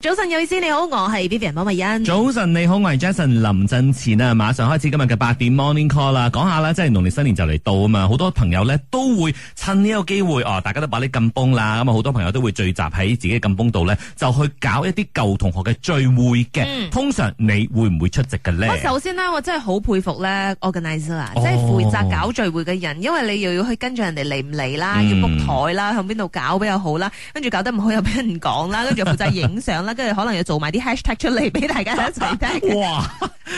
早晨，有意思你好，我係 Vivian 馬慧欣。早晨你好，我係 Jason 林振前啊！馬上開始今日嘅八點 Morning Call 啦，講下啦，即係農曆新年就嚟到啊嘛，好多朋友咧都會趁呢個機會哦，大家都把你 kampung 啦，咁啊好多朋友都會聚集喺自己 kampung 度咧，就去搞一啲舊同學嘅聚會嘅。嗯、通常你會唔會出席嘅咧？首先咧，我真係好佩服咧 organiser、哦、即係負責搞聚會嘅人，因為你又要去跟住人哋嚟唔嚟啦，來來嗯、要 book 台啦，向邊度搞比較好啦，跟住搞得唔好又俾人講啦，跟住又負責影相。 跟住可能要做埋啲 hashtag 出嚟俾大家一齊聽。 哇，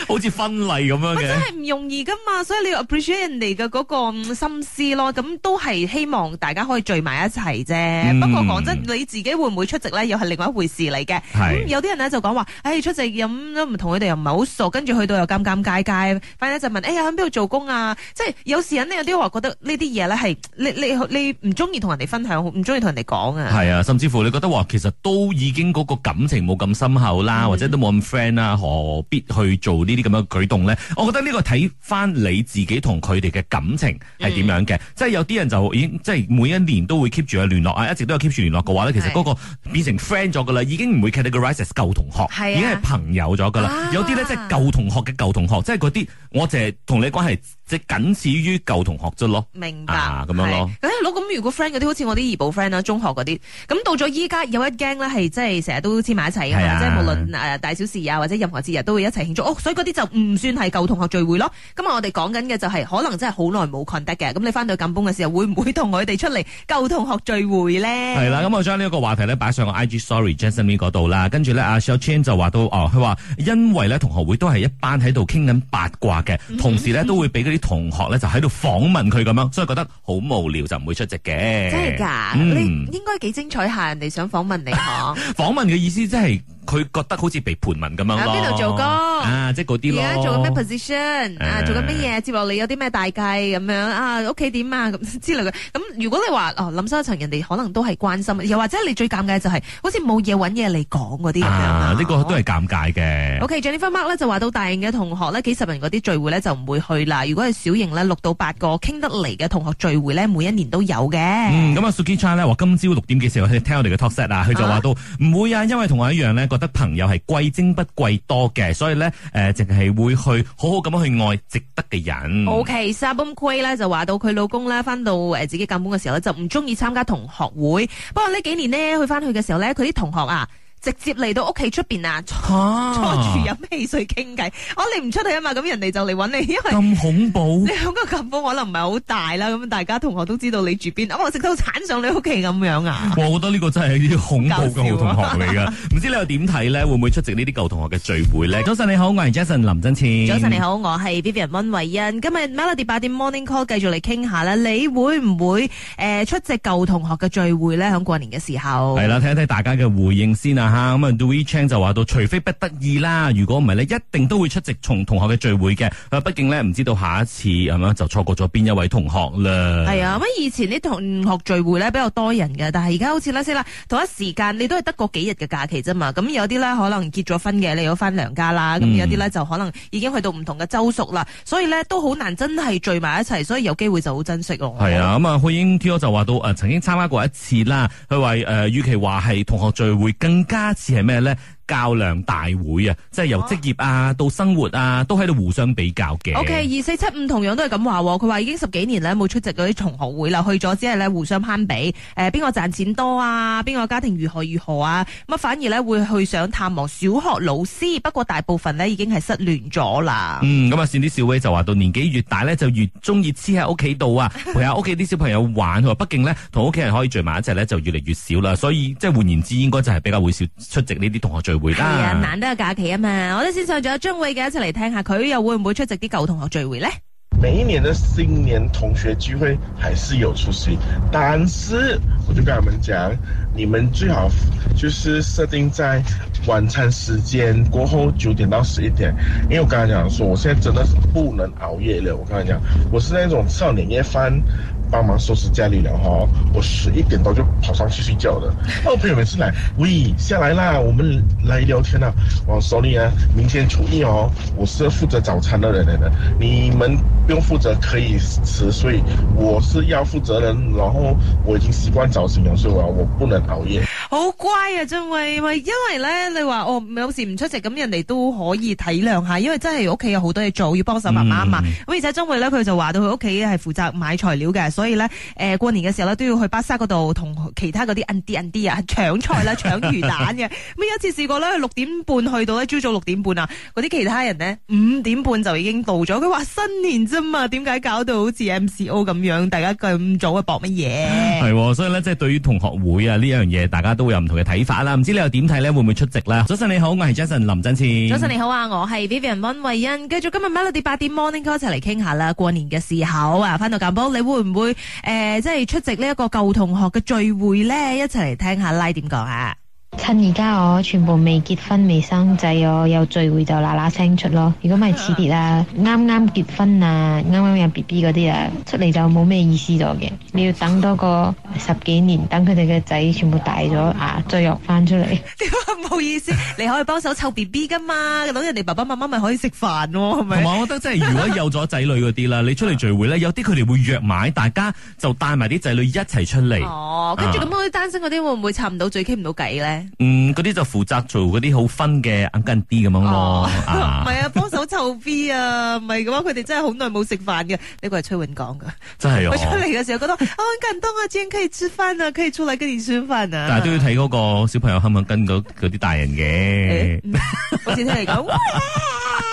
好似婚禮咁樣嘅，真係唔容易噶嘛。所以你要 appreciate 人哋嘅嗰個心思咯。咁都係希望大家可以聚埋一齊啫。嗯、不過講真，你自己會唔會出席咧？又係另外一回事嚟嘅。咁是、嗯、有啲人咧就講話，誒、哎、出席咁都唔同佢哋，嗯、又唔係好熟，跟住去到又尷尷尬尬。反正就問，哎呀，喺邊度做工啊？即係有時呢，有啲話覺得呢啲嘢咧係，你你你唔中意同人哋分享，唔中意同人哋講啊。係啊，甚至乎你覺得話，其實都已經嗰個感。感情冇咁深厚啦，嗯、或者都冇咁 friend 啦，何必去做呢啲咁樣嘅舉動咧？我覺得呢個睇翻你自己同佢哋嘅感情係點樣嘅，嗯、即係有啲人就已經即係每一年都會 keep 住嘅聯絡啊，一直都有 keep 住聯絡嘅話咧，是其實嗰個變成 friend 咗噶啦，嗯、已經唔會 categorises 舊同學，啊、已經係朋友咗噶啦。啊、有啲咧即係舊同學嘅舊同學，即係嗰啲我淨係同你關係即係僅次於舊同學啫咯。明白咁、啊、樣咯。咁，咁如果 friend 嗰啲好似我啲兒寶 friend 啦、啊，中學嗰啲，咁到咗依家有一驚咧，係即係成日都，埋一齊即係無論大小事啊，或者任何節日都會一齊慶祝。哦、所以嗰啲就唔算係舊同學聚會咯。咁啊、就是，我哋講緊嘅就係可能真係好耐冇 contact 嘅。咁你翻到咁般嘅時候，會唔會同佢哋出嚟舊同學聚會咧？係啦，咁我將呢一個話題咧擺上我 IG Story Jasmine 嗰度啦。跟住咧，阿、啊、Sheldon 就話到哦，佢話因為咧同學會都係一班喺度傾緊八卦嘅，同時咧都會俾嗰啲同學咧就喺度訪問佢咁樣，嗯、所以覺得好無聊就唔會出席嘅。真係㗎？嗯、你應該幾精彩下人哋想訪問你呵？ 訪問嘅意思。現在。佢覺得好似被盤問咁樣咯。喺邊度做工啊？即係嗰啲咯。而家做緊咩 position 啊？做緊咩嘢？接落嚟有啲咩大計咁樣啊？屋企點啊？咁之類嘅。咁如果你話哦諗深一層，人哋可能都係關心，又或者你最尷尬就係好似冇嘢揾嘢嚟講嗰啲咁樣。啊，呢個都係尷尬嘅。OK，Jennifer Mark 咧就話到大型嘅同學咧幾十人嗰啲聚會咧就唔會去啦。如果係小型咧六到八個傾得嚟嘅同學聚會咧，每一年都有嘅。嗯，咁啊，Suki Chan 咧話今朝六點幾時候去聽我哋嘅 talk set 啊？佢就話都唔會啊，因為同我一樣咧個。得朋友係貴精不貴多嘅，所以咧誒，淨、呃、係會去好好咁樣去愛值得嘅人。O K，Sarah Bungway 咧就話到佢老公咧翻到誒自己監本嘅時候咧，就唔中意參加同學會。不過呢幾年呢，去翻去嘅時候咧，佢啲同學啊。直接嚟到屋企出邊啊，坐住飲汽水傾偈。哦，你唔出去啊嘛，咁人哋就嚟揾你，因為咁恐怖。你響個颱風可能唔係好大啦，咁大家同學都知道你住邊，我食到橙上你屋企咁樣啊。我覺得呢個真係啲恐怖嘅老同學嚟㗎，唔知你又點睇咧？會唔會出席呢啲舊同學嘅聚會咧？早晨你好，我係 Jason 林真前。早晨你好，我係 Vivian 溫慧欣。今日 Melody 八點 Morning Call 繼續嚟傾下啦，你會唔會誒出席舊同學嘅聚會咧？響過年嘅時候係啦，睇一睇大家嘅回應先啊！吓，咁啊，Do We Chang 就話到，除非不得已啦，如果唔係咧，一定都會出席從同，同學嘅聚會嘅。啊，畢竟呢，唔知道下一次咁樣，啊、就錯過咗邊一位同學啦。係啊，咁以前啲同學聚會呢，比較多人嘅，但係而家好似咧，啦，同一時間你都係得個幾日嘅假期啫嘛。咁有啲呢，可能結咗婚嘅，你有翻娘家啦。咁、嗯、有啲呢，就可能已經去到唔同嘅州屬啦，所以呢，都好難真係聚埋一齊。所以有機會就好珍惜我。係啊，咁啊，許英 Tio 就話到，呃，曾經參加過一次啦。佢話誒，與其話係同學聚會更加。家字係咩咧？ 較量大會啊，即係由職業啊到生活啊，都喺度互相比較嘅。OK，二四七五同樣都係咁話，佢話已經十幾年咧冇出席嗰啲同學會啦，去咗之後咧互相攀比，誒邊個賺錢多啊，邊個家庭如何如何啊，乜反而咧會去想探望小學老師，不過大部分呢已經係失聯咗啦。嗯，咁啊，善啲小威就話到年紀越大咧，就越中意黐喺屋企度啊，陪下屋企啲小朋友玩。佢話 畢竟呢同屋企人可以聚埋一齊呢就越嚟越少啦，所以即係換言之，應該就係比較會少出席呢啲同學聚。啊哎、難得有假期啊嘛，我哋先上咗張偉嘅一齊嚟，聽下佢又會唔會出席啲舊同學聚會呢？每一年的新年同學聚會還是有出席，但是我就跟佢哋講，你們最好就是設定在晚餐時間過後九點到十一點，因為我剛才講說，我現在真的是不能熬夜了。我剛才講，我是那種少年夜飯幫忙收拾家裏啦，哈！我十一點多就跑上去睡覺了，我朋友每次來，喂，下來啦，我們來聊天啦。我手裏啊，明天初一哦，我是負責早餐的人嚟。你們不用負責，可以吃，所以我是要負責人，然後我已經習慣早醒啦，所以我我不能熬夜。好乖啊，張慧，因為呢，你話我有時唔出席，咁人哋都可以體諒下，因為真係屋企有好多嘢做，要幫手媽媽嘛。咁、嗯、而且張慧呢，佢就話到佢屋企係負責買材料嘅。所以咧，誒過年嘅時候咧，都要去巴沙嗰度同其他嗰啲 u n d n d 啊搶菜啦，搶魚蛋嘅。咁有 一次試過咧，六點半去到咧，朝早六點半啊，嗰啲其他人咧五點半就已經到咗。佢話新年啫嘛，點解搞到好似 MCO 咁樣，大家咁早啊搏乜嘢？係、哦，所以咧即係對於同學會啊呢樣嘢，大家都會有唔同嘅睇法啦。唔知你又點睇咧？會唔會出席咧？早晨你好，我係 Jason 林振志。早晨你好啊，我係 Vivian 温慧欣。繼續今日 Melody 八點 Morning Call 一齊嚟傾下啦。過年嘅時候啊，翻到間鋪，你會唔會？誒、呃，即係出席呢一個舊同學嘅聚會咧，一齊嚟聽下，like, 下，拉點講啊！趁而家我全部未結婚未生仔，我有聚會就嗱嗱聲出咯。如果唔係遲啲啦，啱啱結婚啊，啱啱有 B B 嗰啲啊，出嚟就冇咩意思咗嘅。你要等多個十幾年，等佢哋嘅仔全部大咗啊，再約返出嚟。點解冇意思？你可以幫手湊 B B 㗎嘛，等 人哋爸爸媽媽咪可以食飯喎、係咪？同埋我覺得真，即係如果有咗仔女嗰啲啦， 你出嚟聚會咧，有啲佢哋會約埋大家，就帶埋啲仔女一齊出嚟。哦，跟住咁，我啲單身嗰啲、嗯、會唔會插唔到嘴傾唔到偈咧？嗯，嗰啲就負責做嗰啲好分嘅硬跟 B 咁樣咯，唔係啊，幫手湊 B 啊，唔係嘅話佢哋真係好耐冇食飯嘅。呢個係崔永講噶，真係啊。出嚟嘅時候覺得，我好感動啊，竟然可以吃飯啊，可以出嚟跟你食飯啊。但係都要睇嗰個小朋友肯唔肯跟嗰啲大人嘅。我先聽你講。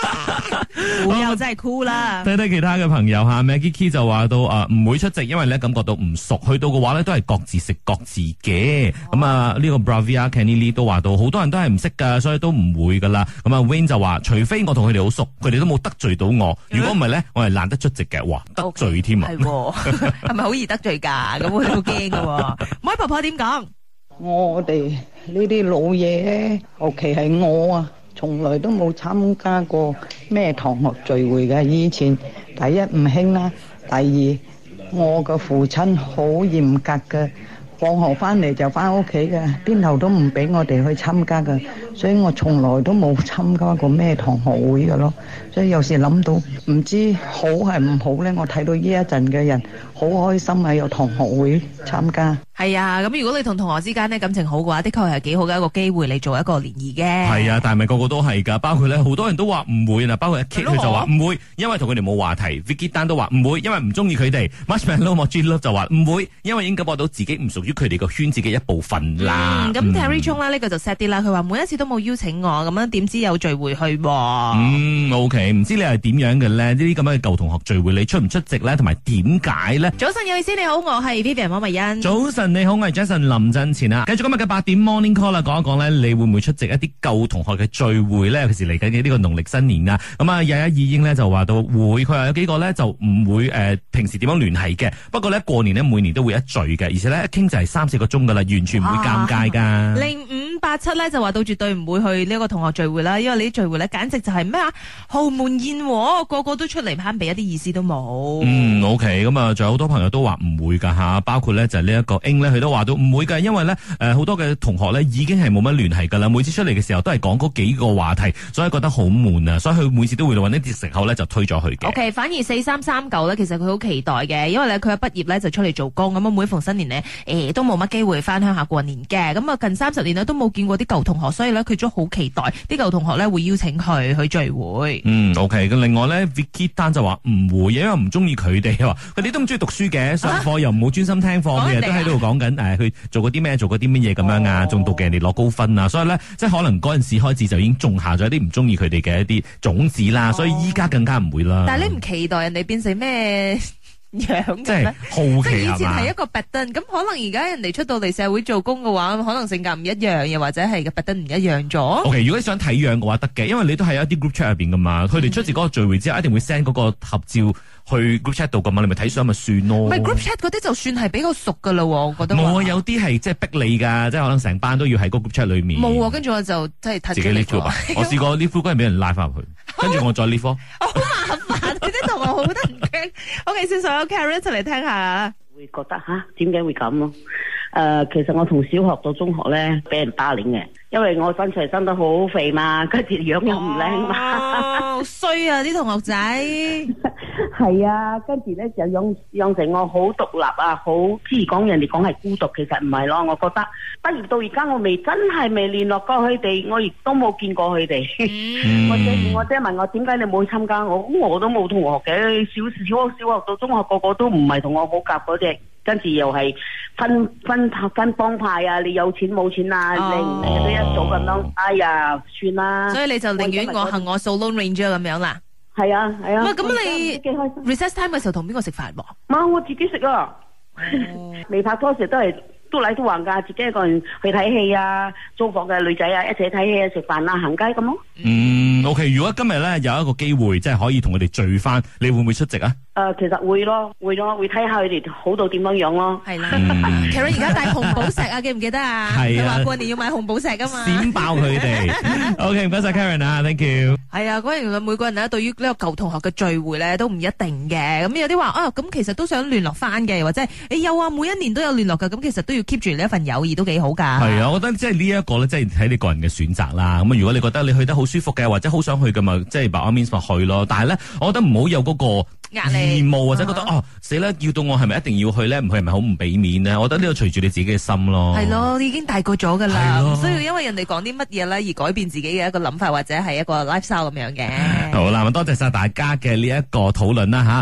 好 真係酷啦！睇睇其他嘅朋友吓，Maggie Key 就話到啊，唔、啊、會出席，因為咧感覺到唔熟，去到嘅話咧都係各自食各自嘅。咁、哦、啊，呢、這個 Bravia Canili 都話到，好多人都係唔識噶，所以都唔會噶啦。咁啊，Win 就話，除非我同佢哋好熟，佢哋都冇得罪到我。如果唔係咧，我係懶得出席嘅。哇，得罪添啊！係喎、嗯，係咪好易得罪噶？咁啊， 好驚噶。唔好，婆婆點講？我哋呢啲老嘢咧，尤其係我啊。從來都冇參加過咩同學聚會嘅。以前第一唔興啦，第二我個父親好嚴格嘅，放學翻嚟就翻屋企嘅，邊頭都唔俾我哋去參加嘅。所以我從來都冇參加過咩同學會㗎囉，所以有時諗到唔知好係唔好咧。我睇到呢一陣嘅人好開心啊，有同學會參加。係啊，咁如果你同同學之間咧感情好嘅話，的確係幾好嘅一個機會，你做一個聯誼嘅。係啊，但係咪個個都係㗎，包括咧好多人都話唔會啊，包括 K 佢就話唔會，因為同佢哋冇話題。Vicky 丹都話唔會，因為唔中意佢哋。Mashman Lo Mo Jin Lo 就話唔會，因為已經感覺到自己唔屬於佢哋個圈子嘅一部分啦。咁 Harry Chung 咧呢個就 sad 啲啦，佢話每一次都冇邀請我咁樣，點知有聚會去，啊？嗯，OK，唔知你係點樣嘅咧？呢啲咁嘅舊同學聚會，你出唔出席咧？同埋點解咧？早晨，有意思你好，我係 Vivian 馬慧欣。早晨你好，我係 Jason 林振前啊。繼續今日嘅八點 Morning Call 啦，講一講咧，你會唔會出席一啲舊同學嘅聚會咧？尤其是嚟緊嘅呢個農曆新年啊，咁、嗯、啊，有一二英咧就話到會，佢話有幾個咧就唔會誒、呃、平時點樣聯繫嘅，不過咧過年咧每年都會一聚嘅，而且咧一傾就係三四個鐘噶啦，完全唔會尷尬噶。阿七咧就話到絕對唔會去呢個同學聚會啦，因為你啲聚會咧簡直就係咩啊，豪門宴，個個都出嚟攀比，一啲意思都冇。嗯，OK，咁啊，仲有好多朋友都話唔會噶吓，包括咧就係呢一個 N 咧，佢都話到唔會噶，因為咧誒好多嘅同學咧已經係冇乜聯繫噶啦，每次出嚟嘅時候都係講嗰幾個話題，所以覺得好悶啊，所以佢每次都會揾啲藉口咧就推咗去嘅。OK，反而四三三九咧，其實佢好期待嘅，因為咧佢一畢業咧就出嚟做工，咁啊每逢新年咧誒、欸、都冇乜機會翻鄉下過年嘅，咁啊近三十年都冇。見過啲舊同學，所以咧佢都好期待啲舊同學咧會邀請佢去聚會。嗯，OK。咁另外咧，Vicky 丹就話唔會，因為唔中意佢哋。佢哋都唔中意讀書嘅，上課又唔好專心聽課嘅，啊、都喺度講緊誒，去、哎、做過啲咩？做過啲乜嘢咁樣啊？仲妒忌嘅人哋攞高分啊！所以咧，即係可能嗰陣時開始就已經種下咗一啲唔中意佢哋嘅一啲種子啦。哦、所以依家更加唔會啦。但係你唔期待人哋變成咩？樣，即好奇，即以前係一個白燈咁，可能而家人哋出到嚟社會做工嘅話可能性格唔一樣，又或者係個白燈唔一樣咗。OK，如果你想睇樣嘅話得嘅，因為你都係有一啲 group chat 入邊噶嘛佢哋、嗯、出自嗰個聚會之後，一定會 send 嗰個合照去 group chat 度噶嘛你咪睇相咪算咯。group chat 嗰啲就算係比較熟噶喎我覺得。我有啲係即係逼你噶即係可能成班都要喺個 group chat 裏面。冇、啊，跟住我就即係自己呢 i 我試過 lift 俾人拉翻入去，跟住、啊、我再 lift 好麻煩。 好 得 OK，OK、okay，先，所有 Karen 出嚟聽下。會覺得吓，點解會咁咯？誒、呃，其實我從小學到中學咧，俾人霸凌嘅。因為我身材生得好肥嘛，跟住樣又唔靚嘛，好衰啊！啲同學仔係啊，跟住咧就養養成我好獨立啊，好之講人哋講係孤獨，其實唔係咯，我覺得，畢業到而家我未真係未聯絡過佢哋，我亦都冇見過佢哋。我姐我姐問我點解你冇去參加？我我都冇同學嘅，小小學小學到中學個個都唔係同我好夾嗰隻，跟住又係分分派分幫派啊，你有錢冇錢啊，靚唔靚嗰啲。做咁樣，哎呀，算啦。所以你就寧願我行我 solo ranger 咁樣啦。係啊，係啊。喂，咁，你 recess time 嘅時候同邊個食飯喎？媽，我自己食啊。未 拍拖時都係。都嚟都玩㗎，自己一個人去睇戲啊，租房嘅女仔啊，一齊睇戲啊，食飯啊，行街咁咯。嗯，OK，如果今日咧有一個機會，即係可以同佢哋聚翻，你會唔會出席啊？誒，其實會咯，會咯，會睇下佢哋好到點樣樣咯，係啦。Karen 而家戴紅寶石啊，記唔記得啊？係啊，話過年要買紅寶石㗎嘛。閃爆佢哋。OK，唔該曬 Karen 啊，Thank you。係啊，果然每個人啊，對於呢個舊同學嘅聚會咧，都唔一定嘅。咁有啲話啊，咁其實都想聯絡翻嘅，或者誒有啊，每一年都有聯絡㗎，咁其實都要。要 keep 住呢一份友誼都幾好噶係啊，啊我覺得即係呢一個咧，即係睇你個人嘅選擇啦。咁啊，如果你覺得你去得好舒服嘅，或者好想去嘅咪，即係 by all means 去咯。但係咧，我覺得唔好有嗰個義務壓力或者覺得、uh huh. 哦死啦，叫到我係咪一定要去咧？唔去係咪好唔俾面咧？我覺得呢個隨住你自己嘅心咯。係咯、啊，已經大個咗噶啦，唔、啊、需要因為人哋講啲乜嘢咧而改變自己嘅一個諗法或者係一個 life style 咁樣嘅。 好啦，咁多謝晒大家嘅呢一個討論啦，吓。